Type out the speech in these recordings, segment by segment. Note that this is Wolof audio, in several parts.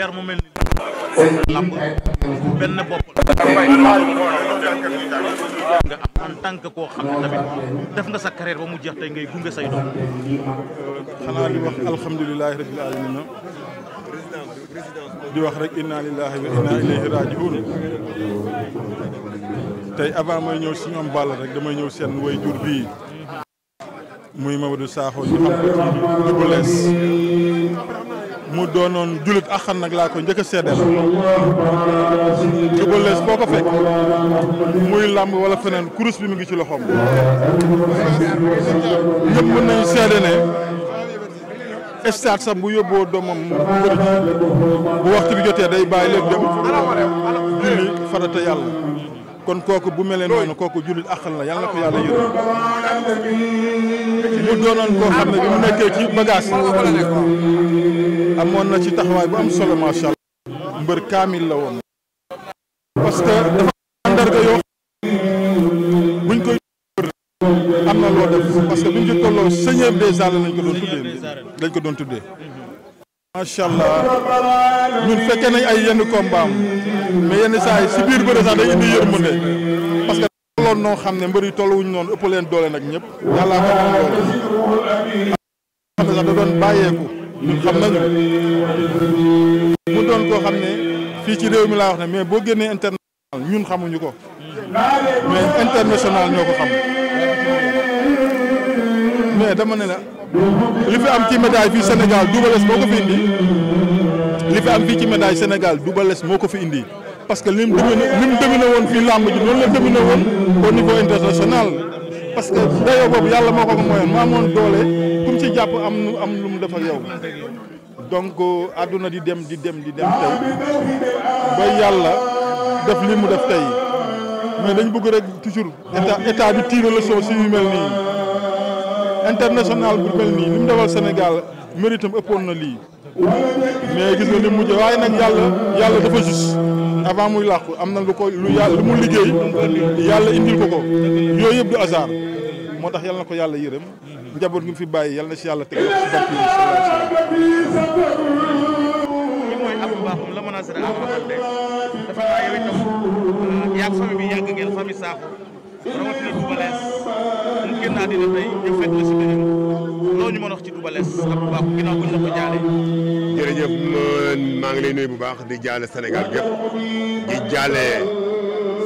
weer mu mel ni lamb benn bopp nga am en def nga sa carrière ba mu jeex tey ngay gunge say doom xanaa di wax alhamdulilahi rabil alamina di wax rek inna lillahi wa inna ilayhi rajiun tey avant may ñëw si ñoom rek damay ñëw seen way jur bii muy Mamadou Sakho ñu xam ko ci Double Less mu doonoon jullit axan nag laa ko njëkk a seedeel ci lees boo ko fekk muy làmb wala feneen kurus bi mu ngi ci loxoom ñëpp mën nañu seede ne stade sax bu yóbboo doomam mu bu waxtu bi jotee day bàyyi lépp dem julli farata yàlla kon kooku bu mel noonu kooku jullit àqal la yàlla na ko yàlla yërëm mu doonoon koo xam ne bi mu nekkee ci bagage amoon na ci taxawaay bu am solo macha allah mbër kaamil la woon parce que dafa mandarga yoo buñ koy am na loo def parce buñ ci tolloo seigneur des arènes lañ ko doon tuddee lañ ko doon tuddee macha allah ñun fekkee nañ ay yenn combat am mais yenn saa yi si biir bëre sax day indi yërmande parce que tolloon noo xam ne mbër yi tolluwuñu noonu ëpp leen doole nag ñëpp yàlla ko am doole xam ne sax xam ne fii ci réew mi laa wax ne mais boo génnee international ñun xamuñu ko mais international ñoo dama ne la li fi am ci médaille fii Sénégal Double moo ko fi indi li fi am fii ci médaille Sénégal Double Less moo ko fi indi parce que li mu dominé li mu dominé woon fii parce que dayoo boobu yàlla moo jàpp am am lu mu def ak àdduna di dem di dem di dem tey ba li mu def tey mais dañ bëgg rek toujours état état bi tiire si yu mel nii international bu mel nii li mu defal Sénégal mérite am ëppoon na lii mais gis nga ni mujj waaye nag yàlla yàlla dafa juste avant muy làqu am na lu ko lu yàlla lu mu liggéey yàlla indil ko ko yooyu yëpp du hasard moo tax yàlla ko yàlla yërëm njaboot ngi fi bàyyi yàlla na si yàlla teg ci barke mooy la mën a sere Abdou ah, yàgg ngeen famille Sakho rawatina Double si beneen loo ñu mën a ci Double Less ak maa ngi lay nuyu bu baax di jaale Sénégal gépp di jaale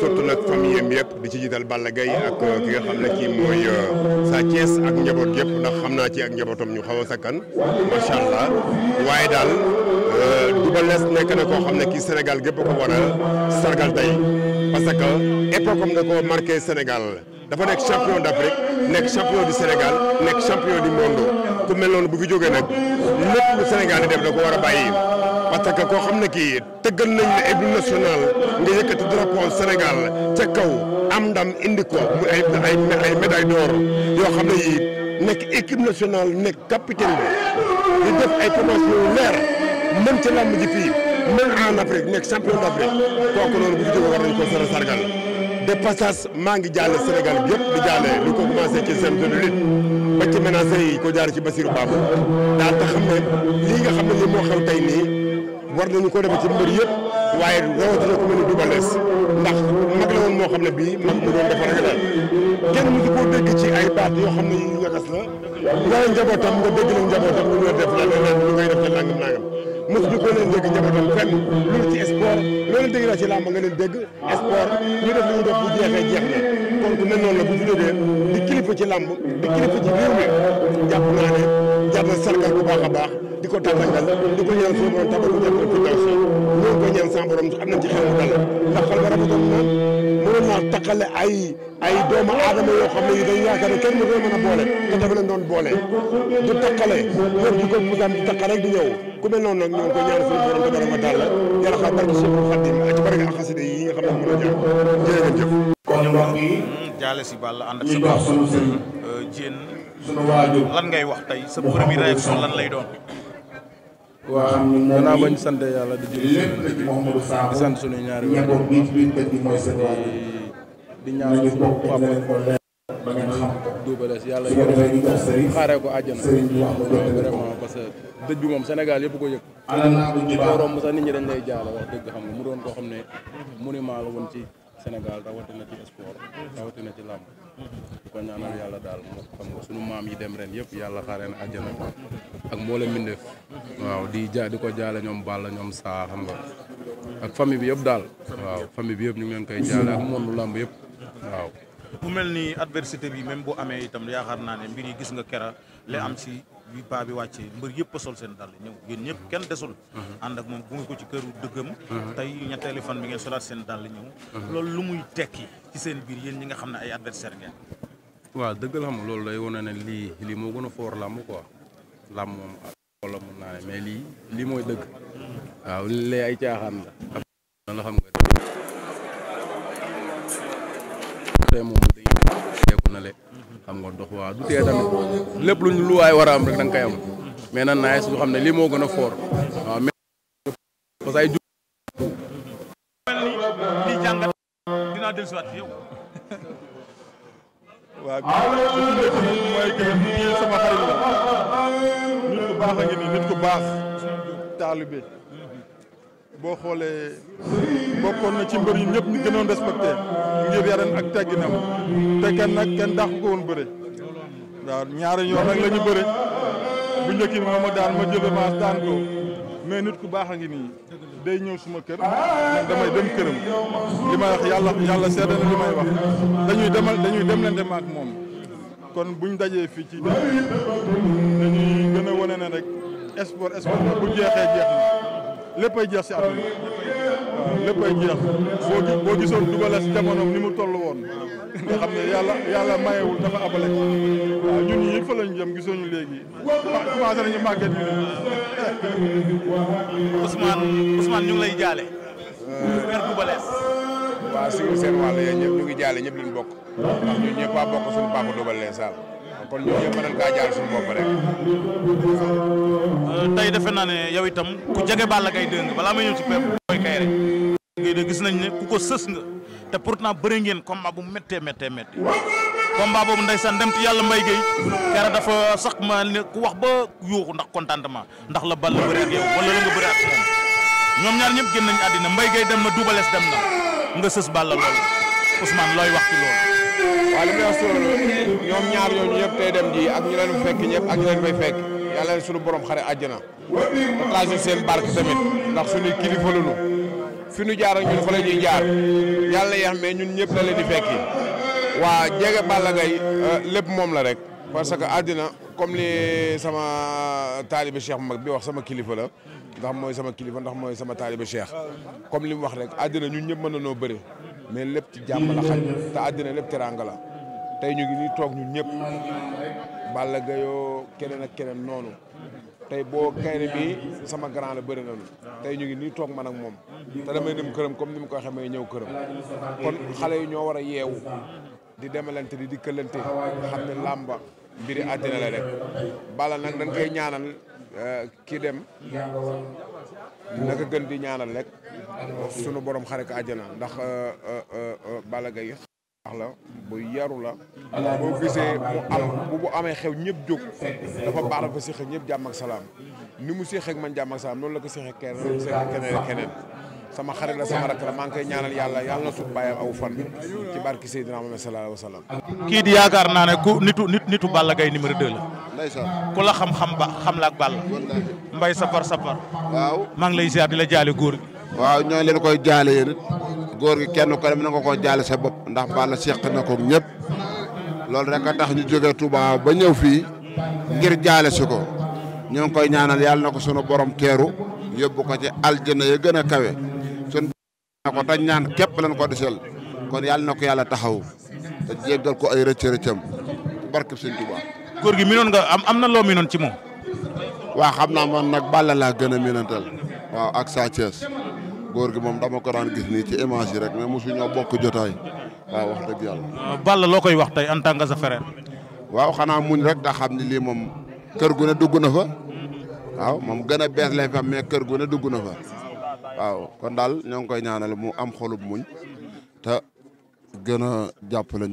surtout nag famille am di ci jiital Balla Gaye ak uh, ki nga xam ne kii mooy uh, Sa Thiès ak njaboot yëpp ndax xam naa ci ak njabootam ñu xaw a sakkan allah waaye daal uh, Double nekk na koo xam ne kii Sénégal gépp ko war a tey parce que époque am na ko marqué Sénégal dafa nekk champion d'Afrique. nekk champion du Sénégal nekk champion du monde ku mel noonu bu fi jógee nag lépp lu Sénégal def da ko war a bàyyi parce que koo xam ne kii tëggal nañ la hymne national nga yëkkati drapeau Sénégal ca kaw am ndam indi ko ay ay yoo xam ne yii nekk équipe nationale nekk capitaine bi def ay promotion yu mën ca làmb ji fii mën en Afrique nekk champion d'Afrique kooku noonu bu fi jógee war nañ ko sara sargal de passage maa ngi jaale Sénégal bi di jaale lu ko commencé ci seen zone lutte ba ci menacé yi ko jaar ci Basirou Babou daa tax xam ne lii nga xam ne li moo xew tey nii war nañu ko def ci mbir yëpp waaye rawatina ku mel ni Double ndax mag la woon moo xam ne bii mag mu doon dafa ragal kenn mësu koo dégg ci ay yoo xam ne yu ñagas la. wala njabootam nga dégg la njabootam lu ñu def la leneen lu ngay def te nangam mos ñu ko leen dégg njabootam fenn loolu ci sport loolu dégg naa ci làmb nga ni dégg sport ñu def li ñu def bu jeex kon ku mel noonu la bu fi jógee di kilifa ci làmb di kilifa ci réew mi jàpp naa ne jàpp baax a baax di ko tàggatal di ko ñaan suñu borom tàggal ko jàppale ko ñaan sa borom am nañ ci xel dal ndax xel ba rafetoon naan mënoon naa takkale ay ay doomu aadama yoo xam ne yi dañ yaakaar ne kenn mu koy mën a boole te dafa leen doon boole du takkale yor ji ko musaan di takka rek di ñëw ku mel noonu nag ñoo ngi koy ñaan suñu borom tabaaraka wa taala yàlla xaar barke Cheikh Khadim ak barke xasida yi nga xam ne mën a jàng jërëjëf kon wax bi hmm, jaale si bàll ànd ak sa bopp euh, Diène lan ngay wax tey sa première réaction lan lay doon waaw xam ni moom bañ sant yàlla di jël lépp ci Mouhamadou di sant suñu ñaari njaboot bi biir dëkk mooy seen waajur di ñaanal suñu papa ba ngeen xam ko duubalees yàlla yërëm xaaree ko àjjana sëriñ bi wax la vraiment parce que dëj bi moom Sénégal yëpp ko yëg boo romb sax nit ñi dañ lay jaale wax dëgg xam nga mu doon koo xam ne mu monument la woon ci Sénégal rawatina ci sport rawatina ci làmb di ko ñaanal yàlla daal moo xam nga suñu maam yi dem ren yëpp yàlla xaaree na àjjana ak mboolem mbindeef waaw di ja di ko jaale ñoom Balla ñoom saa xam nga ak famille bi yëpp daal waaw famille bi yëpp ñu ngi leen koy jaale ak monde làmb yëpp waaw mu mel ni adversité bi même bu amee itam yaakaar naa ne mbir yi gis nga kera li am si bi paa bi wàccee mbër yëpp a sol seen dàll ñëw yéen ñëpp kenn desul mm-hmm. ànd ak moom gunge ko ci këru dëggam mm-hmm. tey ñetteeli fan bi ngeen solaat seen dàll ñëw mm-hmm. loolu lu muy tekki ci seen biir yéen ñi nga xam ne ay adversaire ngeen waaw dëgg la xam loolu day wane ne lii lii moo gën a foor làmb quoi làmb moom wala mun naa ne mais lii lii mooy dëgg waaw lii lay ay caaxaan la la xam nga tey moom teeku na le xam nga dox waa du tee lépp lu waay war a am rek da nga mais nan naa ñu xam ne lii moo gën a foor waaw mais parce que ay ju lii jàngat dinaa del siwaat yow waaw mooy que nii sama xarit la nit ku a nit ku baax taalibe boo xoolee bokkoon na ci mbër yi ñëpp ñu gënoon respecté ngir yaram ak tegginam te kenn nag kenn dàqu ko woon bëre waaw ñaari yoon nag la ñu bëre bu njëkk bi ma ma daan ma jël revanche daan ko mais nit ku baax a ngi nii day ñëw suma kër damay dem këram li may wax yàlla yàlla seede na li may wax dañuy demal dañuy dem leen dem ak moom kon buñ dajee fii ci dañuy gën a wane ne rek sport sport bu jeexee jeex na léppay jeex si àdduna waaw léppay jeex boo boo gisoon jamonoom ni mu toll woon nga xam ne yàlla yàlla mayewul dafa abale waaw ñun ñii fa lañ jëm gisooñu léegi commencé nañu màgget ñu ñu ngi lay jaale kër ñëpp ñu ngi jaale ñëpp liñ bokk ndax ñun ñëpp a bokk suñu papa Doubalès Sall kon ñun ñëpp dañ kaa jaar suñu bopp rek. Euh, tey defe naa ne yow itam ku jege Balla Gaye 2 nga balaa may ñëw ci pepp mooy kay rek. ngay gis nañ ne ku ko sës nga te pourtant bëri ngeen combat bu méttee méttee méttee. ma boobu ndeysaan dem ci yàlla Mbaye Guèye kera dafa sax ma ne ku wax ba yuuxu ndax contentement ndax la Balla bëri ak yow wala la nga bëri ak moom ñoom ñaar ñëpp génn nañu àddina Mbaye Guèye dem na Double Less dem na nga sës waaye li may wax ñoom ñaar ñooñu yëpp tey dem ji ak ñu leen fekk ñu leen fay fekk yàlla leen suñu borom xare àjjana partage seen barke ñu jaar yàlla yeex mais ñun ñëpp la leen euh, lépp moom la rek parce que àddina comme li sama taalibe cheikh mag bi wax sama kilifa la ndax mooy sama kilifa ndax mooy sama taalibe cheikh comme li mu wax rek àddina ñun ñëpp mën na noo bëri mais lépp ci jàmm la xaj te àddina lépp teranga la tey ñu ngi nii toog ñun ñëpp Balla Gaye keneen ak keneen noonu tey boo ne bi sama grand la bëri nañu tey ñu ngi nii toog ma ak moom te damay dem këram comme ni mu ko waxee may ñëw këram kon xale yi ñoo war a yeew di demalante di dikkalante xam ne làmba mbiri àddina la rek Balla nag dañ koy ñaanal Eh, kii dem naka gën di ñaanal rek sunu borom xare ko àjjana ndax eh, eh, Balla Gaye wax la bu yaru la boo gisee mu am bu bu amee xew ñëpp jóg dafa baax la fa séq ñëpp jàmm ak salaam ni mu séq ak man jàmm salaam noonu la ko séq ak keneen keneen sama xarit la sama rakk la maa ngi koy ñaanal yàlla yàlla na suuf bàyyam aw fan ci barki Seydina Muhammad sallallahu alayhi kii di yaakaar naa ne ku nitu nit nitu Balla Gaye numéro la ku la xam-xam ba xam la ak bàll mbay safar safar waaw maa ngi lay ziar di la jaale góor gi waaw ñoo leen koy jaale yéen góor gi kenn ko dem na nga ko jaale sa bopp ndax bàll seq na ko ñëpp loolu rek a tax ñu jógee Touba ba ñëw fii ngir jaale si ko ñoo ngi koy ñaanal yàlla na ko sunu borom teeru yóbbu ko ci aljana ya gën a kawe sun na ñaan képp lañ ko desel kon yàlla na ko yàlla taxaw te jéggal ko ay rëcc rëccam barkeb Sëñ Tuubaa góor gi miinoon nga am na loo miinoon ci moom. waa xam na man nag Balla laa gën a miinantal waaw ak Sa Thiès góor gi moom dama ko daan gis nii ci image yi rek mais mosu a bokk jotaay waaw wax dëgg yàlla. Euh, Balla loo koy wax tey en tant que sa frère. waaw xanaa muñ rek da xam ni lii moom kër gu ne dugg na fa waaw moom gën a bees lay fa mais kër gu ne dugg na fa waaw kon daal ñoo ngi koy ñaanal mu am xolub muñ te gën a jàppale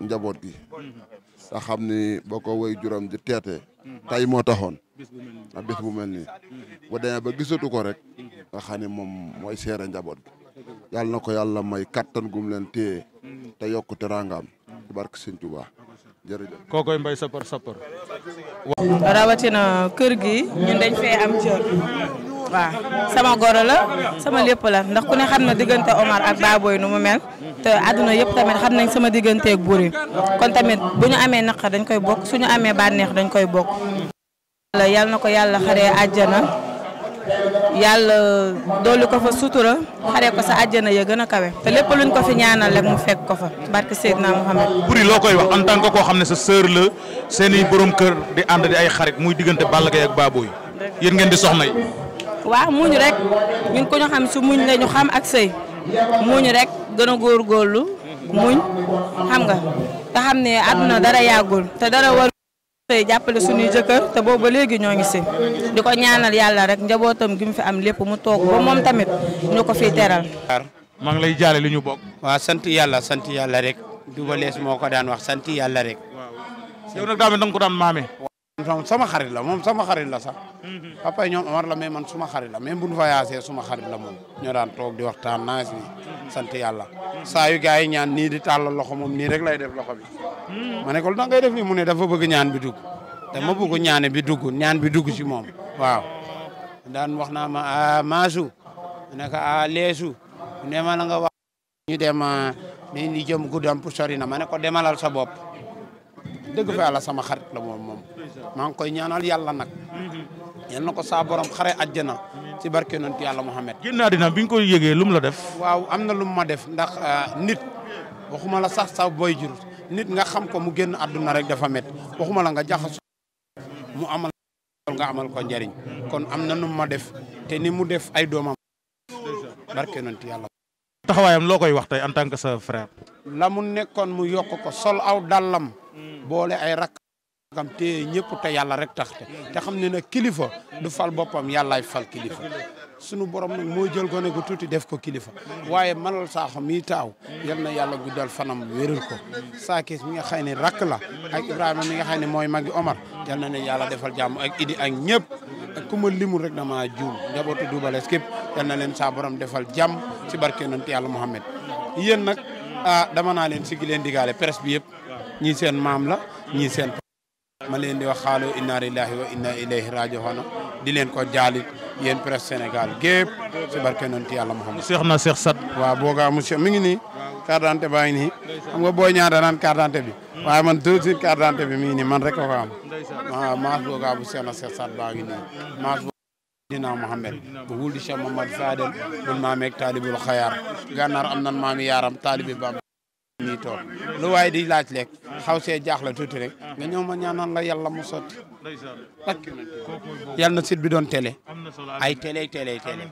njaboot gi. te xam ni boo ko woy juróom di tay moo taxoon a bis bu mel nii bu demee ba gisatu ko rek nga xam moom mooy seere njaboot gi na ko yàlla may kattan gum leen téye te yokku teraangaam ci barke sëñ Tuubaa jërëjëf koo koy mbay sapar sapar rawatina kër gi ñun dañ fee am cër waaw sama goro la sama lépp la ndax ku ne xam na diggante Omar ak Baboy nu mu mel te àdduna yëpp tamit xam nañ sama digganteeg buur yi kon tamit bu ñu amee naqar dañ koy bokk suñu amee bànneex dañ koy bokk yàlla na ko yàlla xaree àjjana yàlla dolli ko fa sutura xaree ko sa àjjana ya gën a kawe te lépp luñ ko fi ñaanal rek mu fekk ko fa barke Seydina Mouhamed buri loo koy wax en tant que koo xam ne sa sœur la seeni borom kër di ànd di ay xarit muy diggante Balla Gaye ak Baboye yéen ngeen di soxna yi waaw muñu rek ñun ko ñu xam su muñ xam ak sëy gën a góorgóorlu muñ xam nga te xam ne na dara yàggul te dara war tey jàppale suñuy jëkkër te boobu ba léegi ñoo ngi si di ko ñaanal yàlla rek njabootam gi mu fi am lépp mu toog ba moom tamit ñu ko fi teral maa ngi lay jaale lu ñu bokk waa sant yàlla sant yàlla rek Double Less moo ko daan wax sant yàlla rek yow nag daa mel ko daan maame moom sama xarit la moom sama xarit la sax papa yi ñoom Omar la mais man suma xarit la même bu ñu voyagé suma xarit la moom ñoo daan toog di waxtaan naa si sant yàlla saa yu gars yi ñaan nii di tàllal loxo moom nii rek lay def loxo bi ma ne ko da ngay def ni mu ne dafa bëgg ñaan bi dugg te ma bëgg ñaane bi dugg ñaan bi dugg si moom waaw daan wax naa ma a ah, maasu ne ko a ah, leesu ne ma la nga wax ñu dem ni ah, ni jëm guddam pour sori na ma ne ko demalal sa bopp dëgg fa yàlla sama xarit la moom maa ngi koy ñaanal yàlla nag yal na ko saa borom xare àjjana ci barke yonent yàlla Muhammad génn àddina bi nga koy yëgee lu mu la def waaw am na lu mu ma def ndax euh, nit waxuma la sax sa boy jur nit nga xam ko mu génn àdduna rek dafa met waxuma la nga jaxasu mu amal nga amal ko njariñ kon am na nu mu ma def te ni mu def ay doomam barke yonent yàlla taxawaayam loo koy wax tey en tant que sa frère la mu nekkoon mu yokk ko sol aw dàllam boole ay rakk kam téye ñëpp te yàlla rek tax te xam ne kilifa du fal boppam yàllaay fal kilifa sunu borom nag moo jël ko ne ko tuuti def ko kilifa waaye malal saaxo mi taaw yal na yàlla guddal fanam wéral ko saakis mi nga xam ne rakk la ak mi nga xam ne mooy magi omar yal na yàlla defal jàmm ak idi ak ñëpp ak ku ma limul rek dama juum njabootu dubales képp yal na leen saa borom defal jàmm ci barke nante yàlla Muhammad yéen nag ah dama naa leen sigi leen digaale presse bi yëpp ñii seen maam la ñii seen ma leen di wax xaaloo inna lillahi wa inna ilayhi raji'un di leen ko jaalit yéen presse Sénégal gépp si barke nonti yàlla Muhammad seex na Cheikh waa waaw boogaa monsieur mi ngi nii carte d'identité baa ngi nii xam nga booy ñaata naan carte d'identité bi waaye man tout de suite carte d'identité bi mi ngi nii man rek ko am maas boogaa bu Cheikh na Cheikh Sat baa ngi nii maas dina Muhammad bu wul di Cheikh Mamad Fadel bun maameeg taalibul xayaar gànnaar am nan maami yaaram taalibi bam ñuy toog lu waaye di laaj lekk xaw see jaaxle tuuti rek nga ñëw ma ñaanal la yàlla mu sotti ak yàlla na sit bi doon télé ay télé télé télé